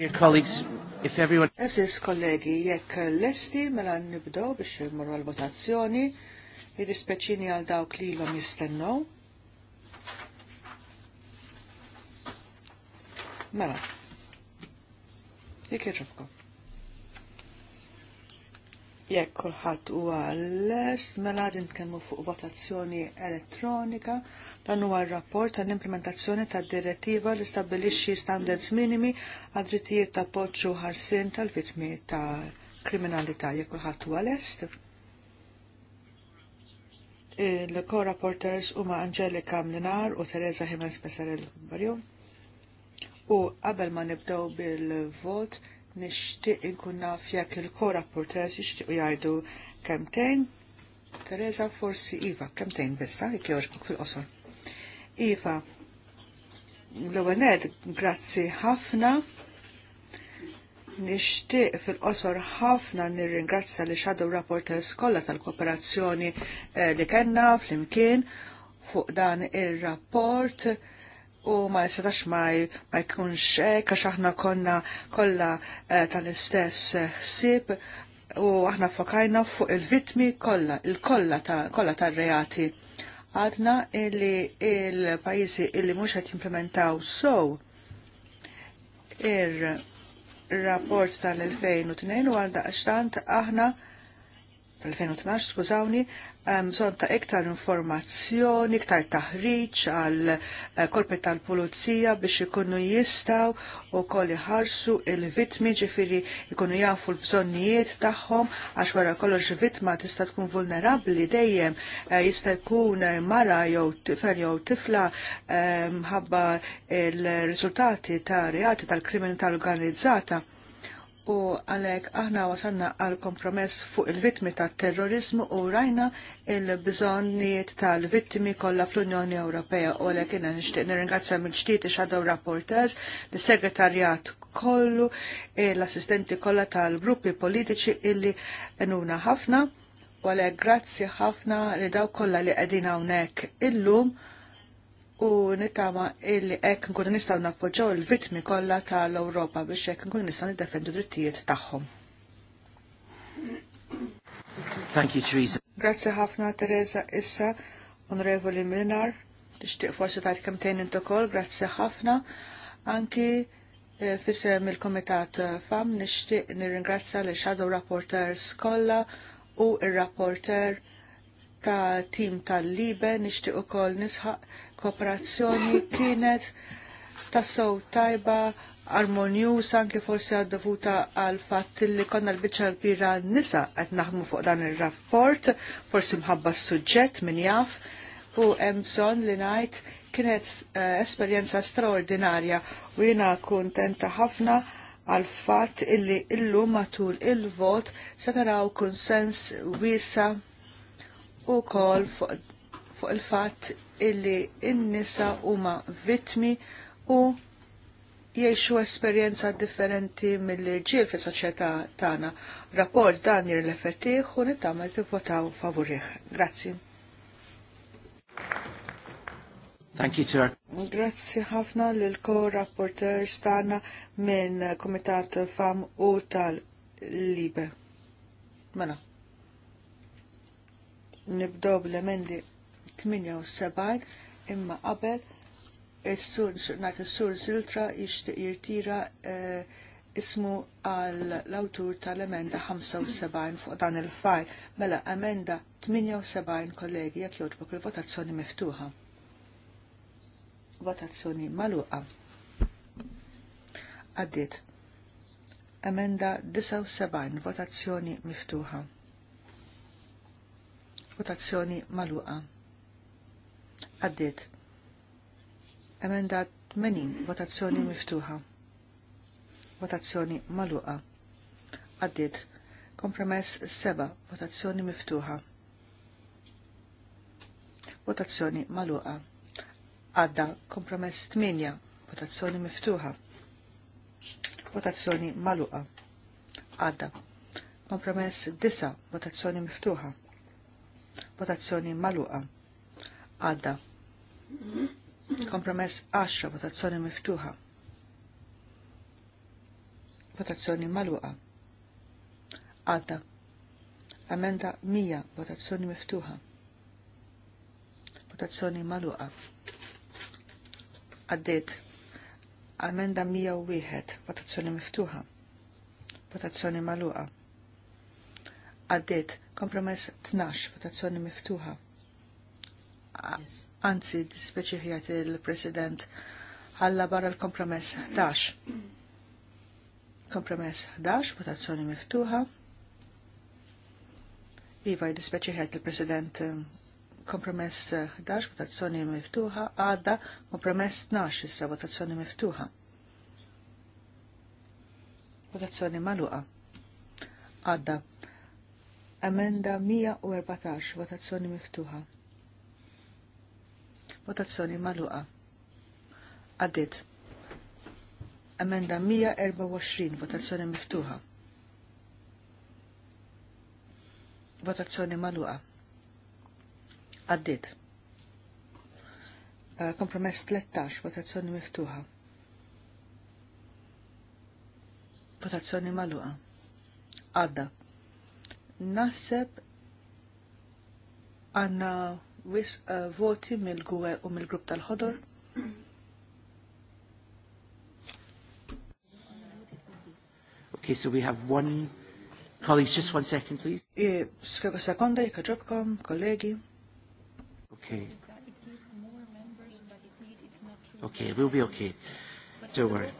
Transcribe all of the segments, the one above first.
Dear colleagues, if everyone... Eżis kollegi, jekk l-esti mela nibdow biex jmurru għal-votazzjoni, jirrispeċini għal dawk li l-om jistennow. Mela, jek jġobkom. Jekk u għal-est, mela din kemmu fuq votazzjoni elettronika Dan huwa r-rapport tal-implementazzjoni tad-direttiva li stabbilixxi standards minimi għad drittijiet ta' poċċu ħarsien tal-vittmi ta' kriminalità jekk kulħadd huwa lest. Il-co-rapporters huma Angelika Mlinar u Teresa Jimenez Pesarel Barju. U qabel ma nibdew bil-vot, nixtieq inkun naf jekk il-co-rapporters jixtiequ jgħidu kemtejn Teresa forsi Iva, kemtejn bissa, jekk jogħġbok fil-qosor. Iva, l-għanet, grazzi ħafna. Nishtiq fil-qosor ħafna nirringrazzja li xadu rapporters kollha tal-kooperazzjoni eh, li kellna fl-imkien fuq dan ir-rapport u ma jistax ma jkunx hekk għax aħna konna kollha eh, tal-istess ħsieb u aħna fokajna fuq il-vitmi kollha, il-kollha ta' kollha tar-reati. Ta għadna illi il-pajjiżi illi mhux qed jimplementaw sow ir-rapport tal-2002 għal għaxtant aħna tal-2012 skużawni bżon ta' iktar informazzjoni, iktar taħriġ għal eh, korpi tal-pulizija biex ikunu jistaw u koll ħarsu il-vitmi ġifiri ikunu jafu l-bżonnijiet tagħhom għax wara kollox vitma tista' tkun vulnerabli dejjem eh, jista' jkun eh, mara jew tifel jew tifla mħabba il-riżultati ta' reati tal krimin tal organizzata u għalek aħna wasanna għal kompromess fuq il-vittmi ta' terrorizmu u rajna il-bżonniet tal-vittmi kollha fl-Unjoni Ewropea u għalek inna nishtiq nirringrazzja mill-ġdid ix-Shadow Rapporters, l-Segretarjat kollu, l-assistenti kollha tal-gruppi politiċi illi nuna ħafna u għalek grazzi ħafna li daw kollha li qegħdin hawnhekk illum u nittama illi hekk nkunu nistgħu nappoġġaw il-vittmi kollha tal-Ewropa biex hekk nkunu nistgħu niddefendu drittijiet tagħhom. Thank you, Teresa. Grazzi ħafna, Teresa. Issa, Onorevoli Milinar, tixtieq forsi tajt kemtejn intokol, grazzi ħafna. Anki eh, fissem il-Komitat eh, FAM nixtieq nirringrazzja l shadow Rapporteurs kollha u ir-Rapporter ta' tim tal-libe u ukoll nisħaq kooperazzjoni kienet sow tajba armonjusa anke forsi għaddovuta għal fatt li konna l-bicċa l-bira nisa qed naħdmu fuq dan ir-rapport, forsi mħabba s-suġġett min jaf, u hemm bżonn li ngħid kienet uh, esperjenza straordinarja u jiena kuntenta ħafna għal fatt illi illum matul il-vot se taraw konsens wiesa' u kol fuq il-fat illi in-nisa huma vitmi u jiexu esperjenza differenti mill-ġil fi soċjetà tagħna. Rapport dan jir-lefett l-effettiħ u nittamel tivvotaw favorih. Grazzi. Thank you, sir. Grazzi ħafna l co-rapporteurs tagħna minn Komitat Fam u tal-Libe. Mela nibdow bl-emendi 78 imma qabel il-sur, nat il-sur Ziltra jishtiq jirtira eh, ismu għal l-autur tal-emenda 75 fuq dan il-fajl, mela emenda 78 kollegi jek jodbuk il-votazzjoni miftuħa. Votazzjoni maluqa. Għaddit. Emenda 79, votazzjoni miftuħa votazzjoni maluqa. Għaddit. Emenda menin votazzjoni miftuħa. Votazzjoni maluqa. Għaddit. Kompromess seba' votazzjoni miftuħa. Votazzjoni maluqa. Għadda kompromess 8, votazzjoni miftuħa. Votazzjoni maluqa. Għadda. Kompromess disa votazzjoni miftuħa votazzjoni maluqa. Għadda. Kompromess 10, votazzjoni miftuħa. Votazzjoni maluqa. Għadda. Amenda 100, votazzjoni miftuħa. Votazzjoni maluqa. Għaddit. Amenda 101, votazzjoni miftuħa. Votazzjoni maluqa għaddit kompromess 12 votazzjoni miftuħa. Anzi, dispeċiħjat il-President ħalla barra l-kompromess 11. Kompromess 11, votazzjoni miftuħa. Iva, dispeċiħjat il-President kompromess 11, votazzjoni miftuħa, għadda kompromess 12, issa votazzjoni miftuħa. Votazzjoni maluqa. Għadda Amenda 114, votazzjoni miftuħa. Votazzjoni maluqa. Għaddit. Amenda 124, votazzjoni miftuħa. Votazzjoni maluqa. Għaddit. Eh, kompromess 13, votazzjoni miftuħa. Votazzjoni maluqa. Għadda naħseb għanna wis uh, voti mill-gwe u mill-grupp tal-ħodor. Okay, so we have one... Colleagues, just one second, please. Skaka sekonda, jika ġobkom, kollegi. Okay. Okay, we'll be okay. Don't worry.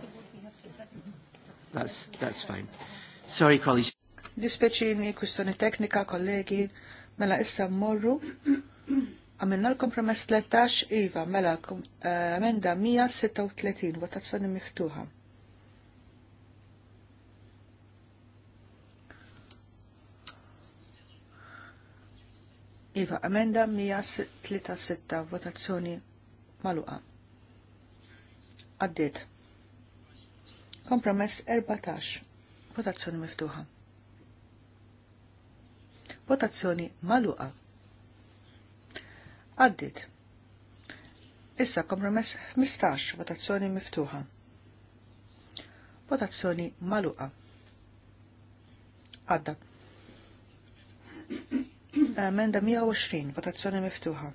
That's, that's fine. Sorry, colleagues. Dispeċini, kwistjoni teknika, kollegi, mela issa mmorru. Għamilna l-kompromess 13, Iva, mela emenda eh, 136, votazzjoni miftuħa. Iva, emenda 136, votazzjoni maluqa. Għaddit. Kompromess 14, votazzjoni miftuħa. Votazzjoni maluqa. Għaddit. Issa kompromess 15, votazzjoni miftuħa. Votazzjoni maluqa. Għadda. Emenda 120, votazzjoni miftuħa.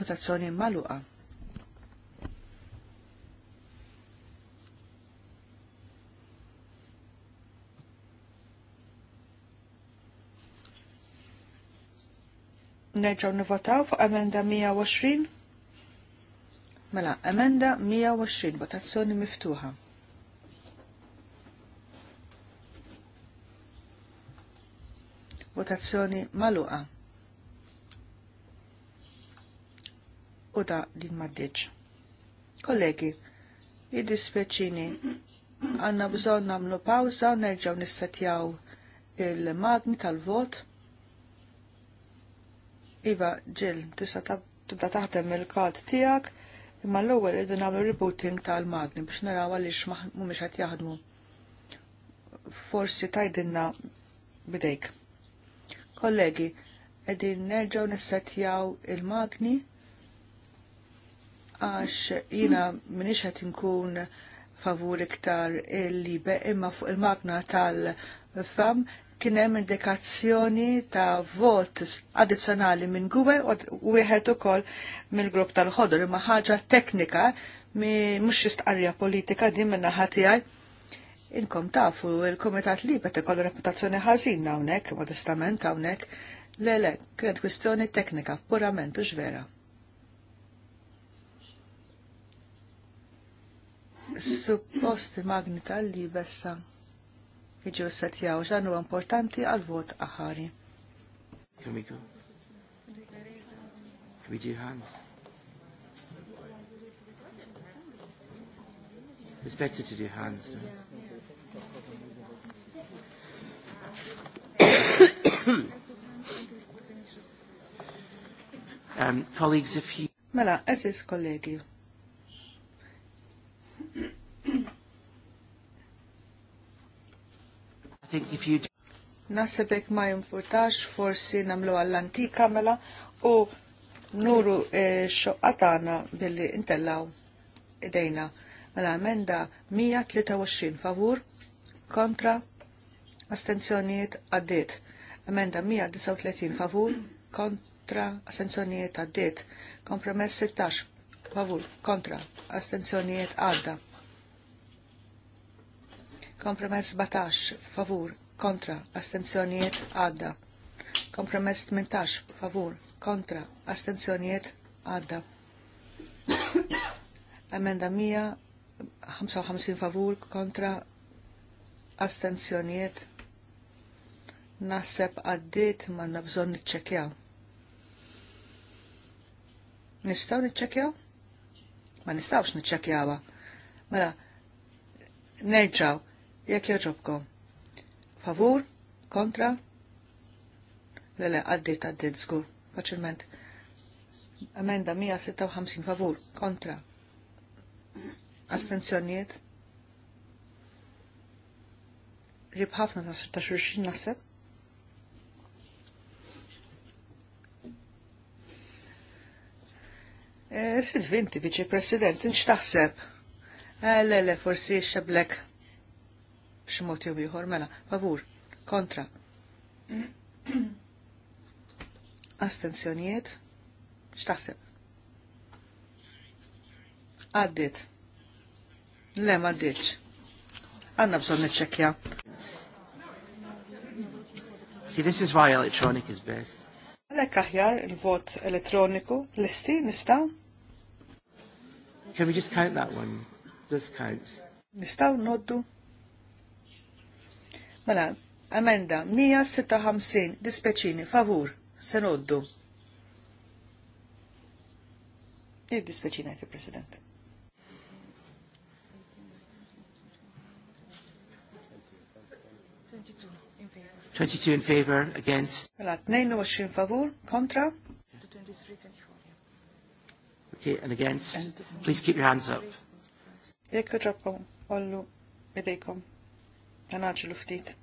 Votazzjoni maluqa. Nerġaw nivotaw fuq emenda 120. Mela, emenda 120, votazzjoni miftuħa. Votazzjoni maluqa. U da din maddiċ. Kollegi, id jiddispjaċini, għanna bżon namlu pawza, nerġaw nistatjaw il-magni tal-vot. Iva, ġil, tista tibda taħdem il-kod tijak, imma l-ewwel id nagħmlu rebooting tal-magni biex naraw għaliex mhumiex qed jaħdmu. Forsi tajdinna bidejk. Kollegi, qegħdin nerġgħu nissetjaw il-magni għax jina minix qed inkun favur iktar il-libe imma fuq il-magna tal-fam kienem indikazzjoni ta' vot addizzjonali minn Guwe u wieħed ukoll mill-grupp tal-ħodur imma ħaġa teknika mhux istqarrija politika din minn naħa tiegħi. Inkom tafu il-Kumitat Libet ikoll reputazzjoni ħażin hawnhekk, modestament hawnhekk, le le, kienet kwistjoni teknika purament u vera. Supposti magni tal bessa jiġu setjaw dan importanti għal vot aħari. It's better to do hands. No? um, colleagues, if you... Mela, eżis kollegi, think if you... Nasebek ma importax forsi namlu għall-antika mela u nuru xoqatana eh, xoqqatana billi intellaw idejna. Mela emenda 123 favur kontra astenzjoniet għaddit. Emenda 139 favur kontra astenzjoniet għaddit. Kompromess 16 favur kontra astenzjonijiet għadda. Kompromess 17 favur kontra astenzjonijiet għadda. Kompromess 18 favur kontra astenzjoniet, għadda. Emenda 155 favur kontra astenzjoniet, naħseb għaddit man nabżon nitċekjaw. Nistaw nitċekjaw? Ma nistawx nitċekjawa. Mela, nerġaw jekk joġobkom. Favur, kontra, Lele le għaddit għaddit zgur, faċilment. Amenda 156 favur, kontra. Astenzjoniet. ħafna ta' 16 naħseb. Eh, Sid vinti, viċi president, inċ taħseb? Lele eh, forsi xeblek b'ximot jew ieħor mela favur kontra astenzjonijiet x'taħseb għaddit le ma għadditx bżonn niċċekkja See, this is why electronic is best. Lek aħjar il-vot elettroniku, listi, nistaw? Can we just count that one? This counts. Nistaw noddu? Mela, amenda 156 dispeċini favur se noddu. Il-dispeċina il President. Twenty-two in favor, against. Mela, 22 favor, kontra. Okay, and against. Please keep your hands up. Jekk ġobkom, ollu, idejkom. Għanaġlu ftit.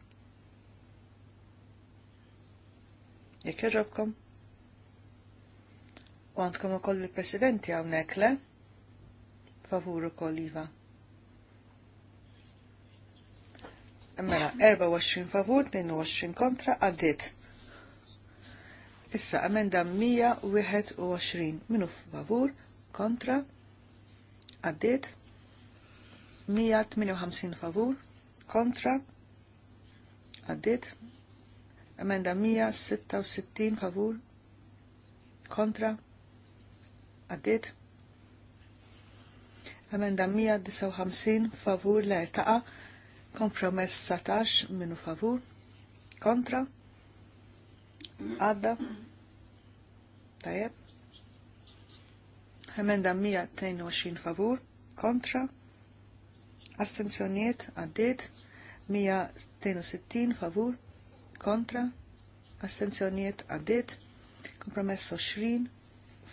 jekk jogħġobkom. U għandkom ukoll il-Presidenti hawnhekk le? Favur ukoll iva. Mela, 24 favur, 22 kontra, għaddit. Issa, emenda 121 minu favur, kontra, għaddit. 158 favur, kontra, għaddit. Emenda 166 favur kontra għaddit. Emenda 159 favur le taqa kompromess satax minu favur kontra għadda tajab. Emenda 122 favur kontra astenzjoniet għaddit 162 favur kontra, astenzjoniet għaddit, kompromesso 20,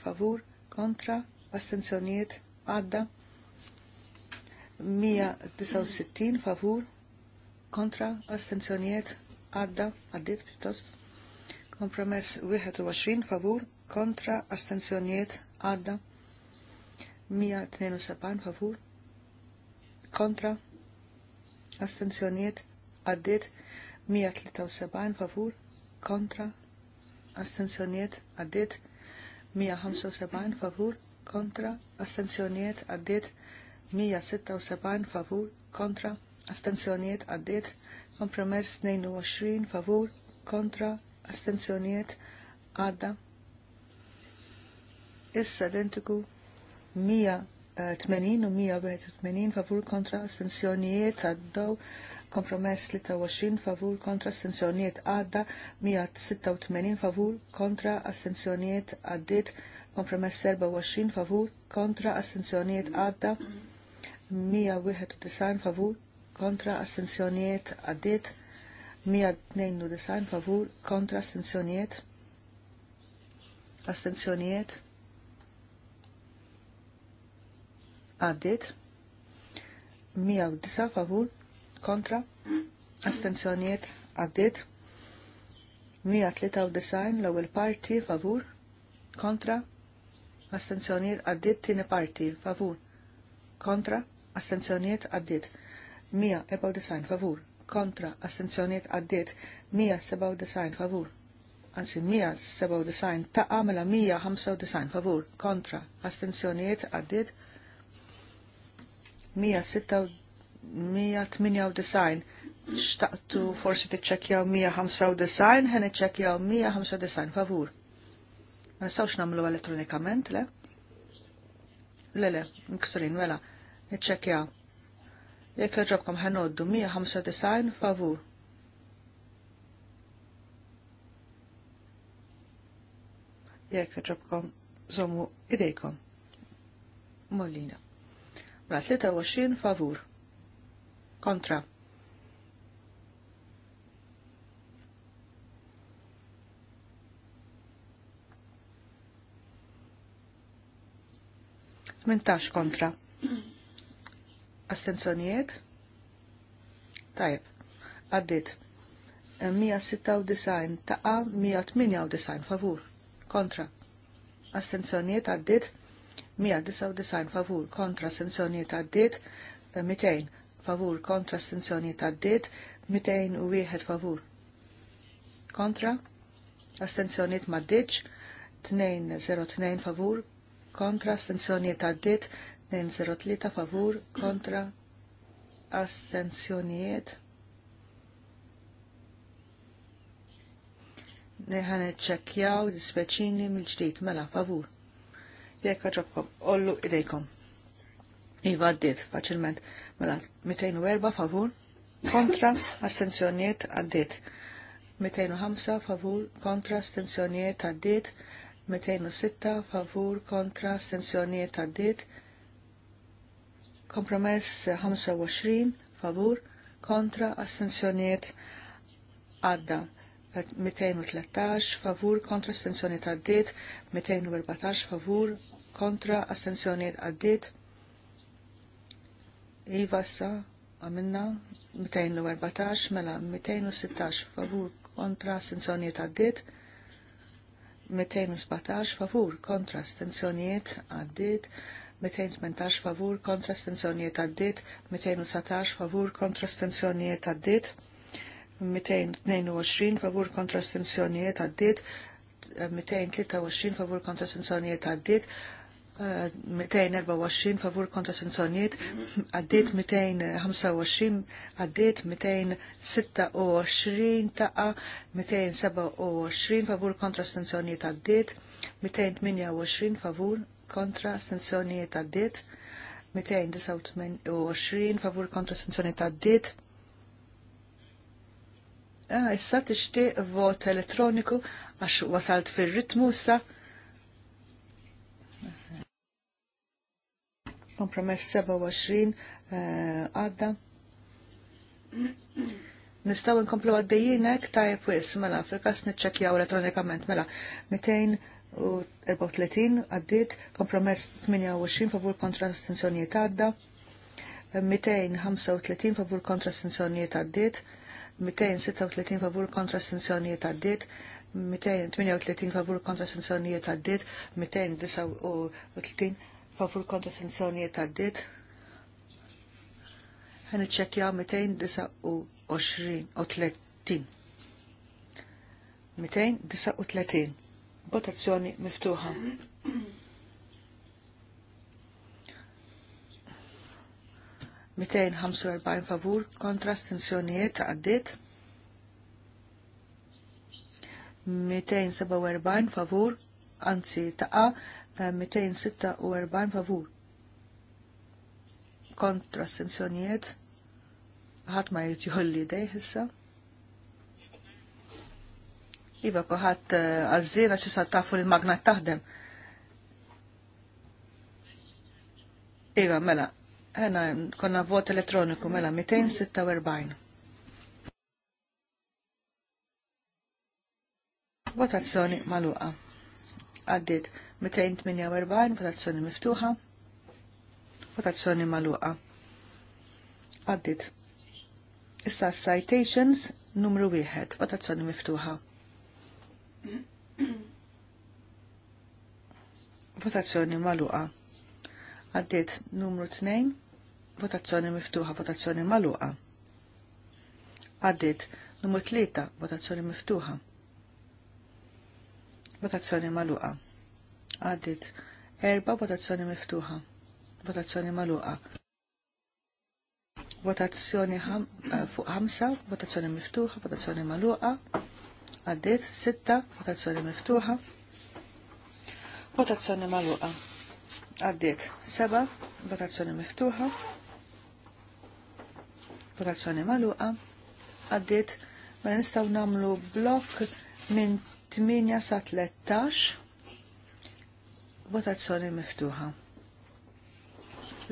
favur, kontra, astenzjoniet għadda, 169 favur, kontra, astenzjoniet għadda, għaddit piuttost, kompromess 21 favur, kontra, astenzjoniet għadda, 172 favur, kontra, astenzjoniet għaddit, 173 favur kontra astensjoniet għaddit 175 favur kontra astensjoniet għaddit 176 favur kontra astensjoniet għaddit kompromess 22 favur kontra astensjoniet għadda issa identiku 180 eh, u 181 favur kontra astensjonijiet għaddaw kompromess li 23 favur kontra astenzjoniet għadda 186 favur kontra astenzjoniet għaddit kompromess 24 favur kontra astenzjoniet għadda 191 favur kontra astenzjoniet għaddit 192 favur kontra astenzjoniet astenzjoniet għaddit 109 favur kontra, astenzjoniet għaddit, 193 l-ewwel parti favur, kontra, astenzjoniet għaddit tini parti favur, kontra, astenzjoniet għaddit, 194 favur, kontra, astenzjoniet għaddit, 197 favur, għansi 197 ta' għamela 195 favur kontra astenzjoniet għaddit 198 xtaqtu forsi tiċċekjaw 195 ħen t-ċekjaw 195 favur. Ma nistawx namlu elektronikament le? Le, le, nksurin, wela, iċċekjaw. Jekk leġobkom uddu 195 favur. Jekk leġobkom zomu idejkom. Mollina. Mra mela, 23 favur kontra. Mintax kontra. Astenzjonijiet? Tajb, għaddit. 196 taqa 198 favur. Kontra. Astenzjonijiet għaddit 199 favur. Kontra astenzjonijiet għaddit 200 favur kontra astenzjoni taddit 201 favur kontra astenzjoniet 0 202 favur kontra astenzjoniet għaddit 203 favur kontra astenzjoniet neħan ċekjaw dispeċini mill ġdid mela favur. Jekk ġobkom, ollu idejkom. Iva għaddit faċilment. Mela 204 favur kontra astenzjoniet, għaddit. 205 favur kontra astenzjoniet, għaddit. 206 favur kontra astenzjoniet, għaddit. Kompromess 25 favur kontra astenzjoniet, għadda. 213 favur kontra astenzjoniet, għaddit. 214 favur kontra astenzjoniet, għaddit. Iva sa għamilna 214 mela 216 favur kontra stenzjoniet għaddit 217 favur kontra stenzjoniet għaddit 218 favur kontra stenzjoniet għaddit, 217 favur kontra stenzjoniet għaddit, 222 favur kontra stenzjoniet għaddit, 223 favur kontra stenzjoniet għaddit, 224 uh, favur kontra sanzjonijiet, għaddiet 225, għaddiet 226 taqa, 227 favur kontra sanzjonijiet għaddiet, 228 favur kontra sanzjonijiet għaddiet, 229 favur kontra sanzjonijiet għaddiet. Ah, issa tixtieq vot elettroniku għax wasalt fil ritmu sa' kompromess 27 eh, għadda. Nistaw nkomplu għaddejjinek ta' jepwis, mela fil-kas niċċekjaw elettronikament mela 234 għaddit kompromess 28 favur kontra astensjonijiet għadda. 235 favur kontra sanzjonijiet għaddit, 236 favur kontra sanzjonijiet għaddit, 238 favur kontra sanzjonijiet għaddit, 239 favur kontra sanzjonijiet għaddit. Għan iċċekjaw 229 u 30. 239. Votazzjoni miftuħa. Mitejn 245 favur kontra stenzjonijiet għaddit. Mitejn 247 favur anzi taqa 246 favur kontra s-sensjonijiet, ħadd ma jirti jolli dej issa. Iva kuħat eh, għazzina ċisa tafu il-magna taħdem. Iva, mela, ħena konna vot elettroniku, mela, 246. Votazzjoni maluqa għaddit 248 votazzjoni miftuħa, votazzjoni maluqa. Għaddit. Issa citations numru 1, votazzjoni miftuħa. Votazzjoni maluqa. Għaddit numru 2, votazzjoni miftuħa, votazzjoni maluqa. Għaddit numru 3, votazzjoni miftuħa votazzjoni maluqa. Għaddit erba votazzjoni miftuħa, votazzjoni maluqa. Votazzjoni eh, fuq ħamsa, votazzjoni miftuħa, votazzjoni maluqa. Għaddit sitta, votazzjoni miftuħa, votazzjoni maluqa. Għaddit seba, votazzjoni miftuħa, votazzjoni maluqa. Għaddit ma nistaw namlu blok minn 8 sa 13 votazzjoni miftuħa.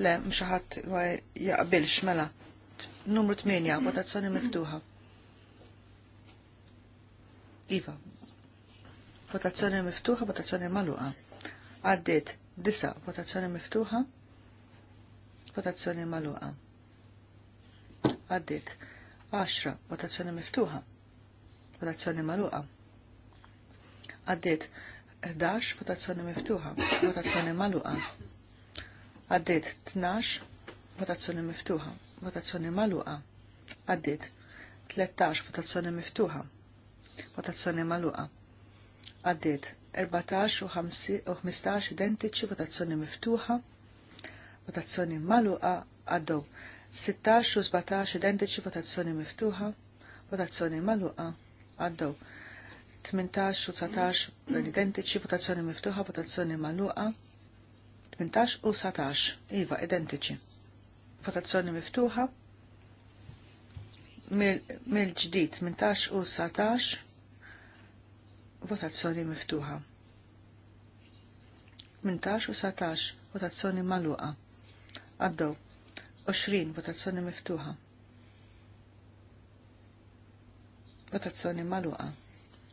Le, mxaħat ma jaqbilx mela. Numru 8, votazzjoni miftuħa. Iva. Votazzjoni miftuħa, votazzjoni maluqa. Għaddit, disa, votazzjoni miftuħa, votazzjoni maluqa. Għaddit, 10, votazzjoni miftuħa, votazzjoni maluqa. Għaddit 11 votazzjoni miftuħa, votazzjoni maluqa. Għaddit 12 votazzjoni miftuħa, votazzjoni maluqa. Għaddit 13 votazzjoni miftuħa, votazzjoni maluqa. Għaddit 14 u 15 identiċi votazzjoni miftuħa, votazzjoni maluqa għaddew. 16 u 17 identiċi votazzjoni miftuħa, votazzjoni maluqa għaddew. 18 u 19 identiċi, votazzjoni miftuħa, votazzjoni maluqa, 18 u 19, iva, identiċi. Votazzjoni miftuħa, mil ġdid mil 18 u 19 votazzjoni miftuħa. 18 u 19 votazzjoni maluqa. Għaddew 20 votazzjoni miftuħa. Votazzjoni maluqa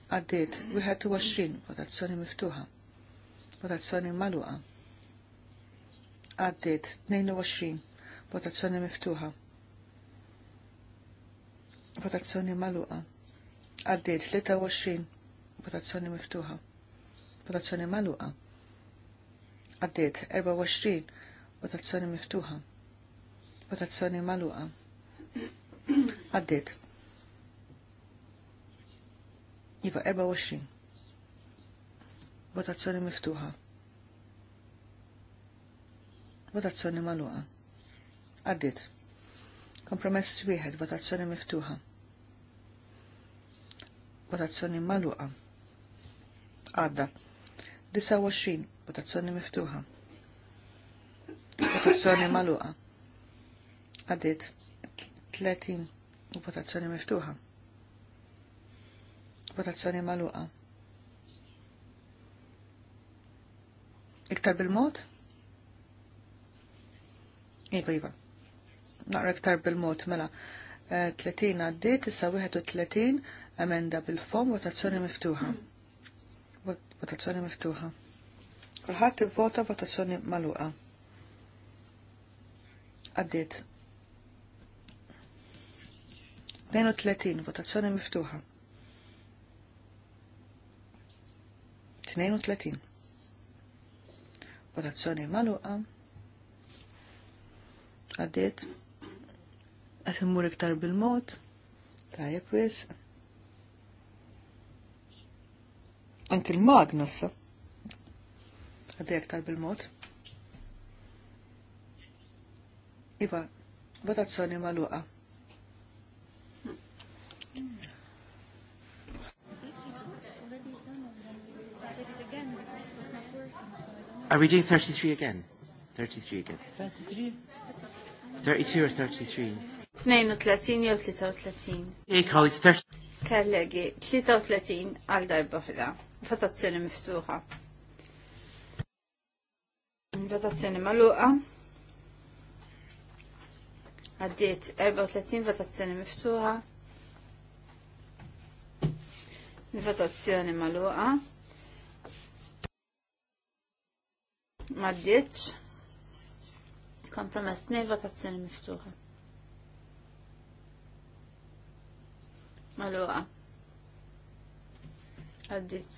għaddit 21 votazzjoni miftuħa, votazzjoni maluqa. Għaddit 22 votazzjoni miftuħa, votazzjoni maluqa. Għaddit 23 votazzjoni miftuħa, votazzjoni maluqa. Għaddit 24 votazzjoni miftuħa, votazzjoni maluqa. Għaddit Iva 24. Votazzjoni miftuħa. Votazzjoni maluqa. Għaddit. Kompromess wieħed, votazzjoni miftuħa. Votazzjoni maluqa. Għadda. 29, votazzjoni miftuħa. Votazzjoni maluqa. Għaddit. 30, votazzjoni miftuħa votazzjoni maluqa. Iktar bil-mod? Iva, iva. Naqra iktar bil-mod, mela. 30 eh, għaddi, issa 31 emenda bil-fom, votazzjoni miftuħa. Votazzjoni miftuħa. Kulħadd ivvota votazzjoni maluqa. Għaddiet. 32 votazzjoni miftuħa. 32. Votazzjoni maluqa. Għaddiet. Għat iktar bil-mod. Tajjeb wis. Anki l mod sa. Għaddiet iktar bil-mod. Iva, votazzjoni maluqa. Are we doing 33 again? 33 again. 33? 32 or 33? 32 jew 33. Hey, colleagues, 30. Kallegi, 33 għal darba oħra. Votazzjoni miftuħa. Votazzjoni maluqa. Għaddiet 34 votazzjoni miftuħa. Votazzjoni maluqa. maddiċ. Kompromess nej votazzjoni miftuħa. Maluqa. Għaddit.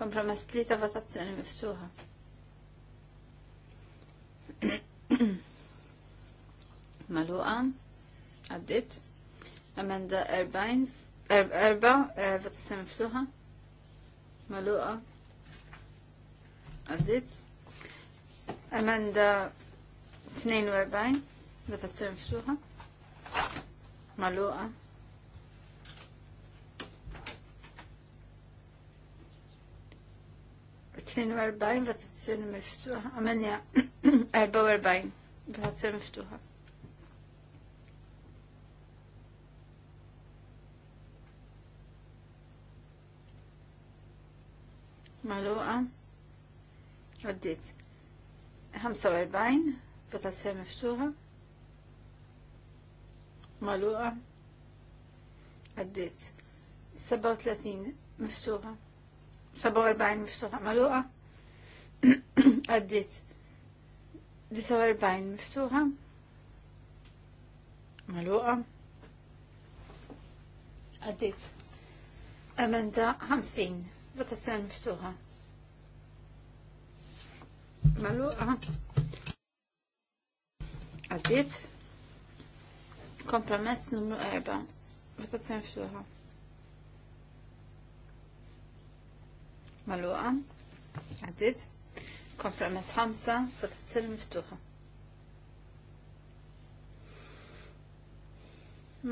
Kompromess li ta' er- eh, votazzjoni miftuħa. Maluqa. Għaddit. Amenda 40. Erba, votazzjoni miftuħa. Maluqa għaddit. Amanda 42, votazzjoni miftuħa. Maluqa. Tnejn u erbajn votazzjoni miftuħa. Amenja, erba u erbajn votazzjoni miftuħa. Maluqa. Għaddit. 45, votazzjoni miftuħa. Maluqa. Għaddit. 37 miftuħa. 47 miftuħa maluqa. Għaddit. 49 miftuħa. Maluqa. Għaddit. Amenda 50. Votazzjoni miftuħa. Maluqa. Għaddit. Kompromess numru 4. Votazzjoni fluħa. Maluqa. Għaddit. Kompromess 5. Votazzjoni miftuħa.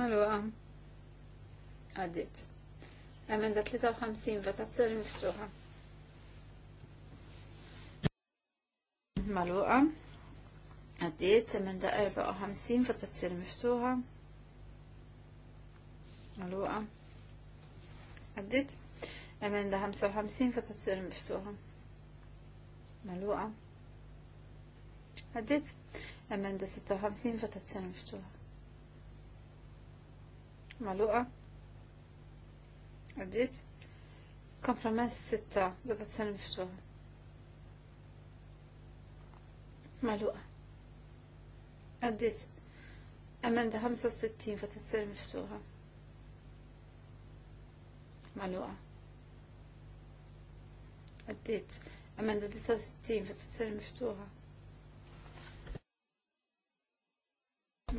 Maluqa. Għaddit. Emenda 53. Votazzjoni miftuħa. maluqa. Għaddiet, emenda 54, votazzjoni miftuħa. Maluqa. Għaddiet, emenda 55, votazzjoni miftuħa. Maluqa. Għaddiet, emenda 56, votazzjoni miftuħa. Maluqa. Għaddiet, kompromess 6, votazzjoni miftuħa. Maluqa. Għaddit. Emenda 65 fa' t-tsir miftuħa. Maluqa. Għaddit. Emenda 69 fa' t-tsir miftuħa.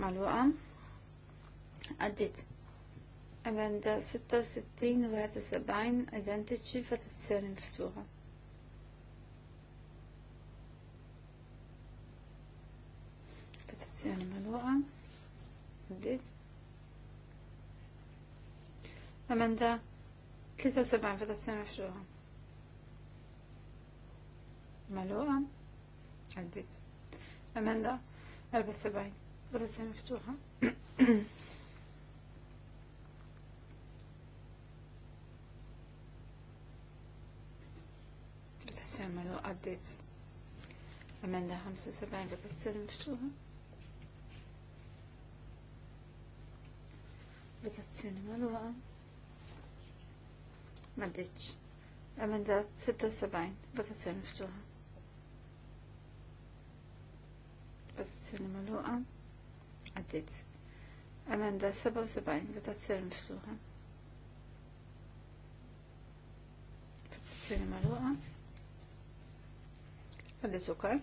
Maluqa. Għaddit. Emenda 66 u 71 identiċi fa' t-tsir miftuħa. votazzjoni maluqa. Għaddit. Amenda 73 votazzjoni mifruħa. Maluqa. Għaddit. Amenda 74 votazzjoni miftuħa. Votazzjoni maluqa għaddit. Amenda 75 votazzjoni miftuħa. Votazzjoni maluqa. Maddiċ. Emenda 76. Votazzjoni miftuħa. Votazzjoni magħluqa. Għaddit. Emenda 77. Votazzjoni miftuħa. Votazzjoni magħluqa. Għaddit ukoll.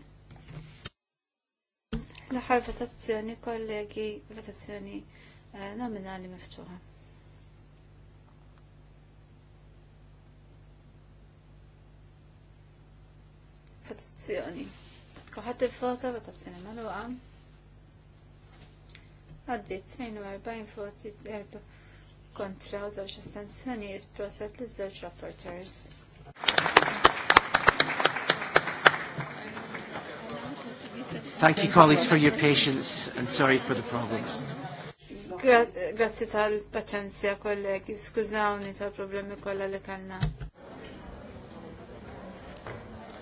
L-aħħar votazzjoni, kollegi, votazzjoni Eh, nominali miftuħa. Votazzjoni. Kuħat il-vota, votazzjoni maluqa. Għaddit 42 voti erba kontra u zawġ proset li żewġ rapporters. Thank you colleagues for your patience and sorry for the problems grazie tal-paċenzja kollegi, skużawni tal-problemi kollha li kellna.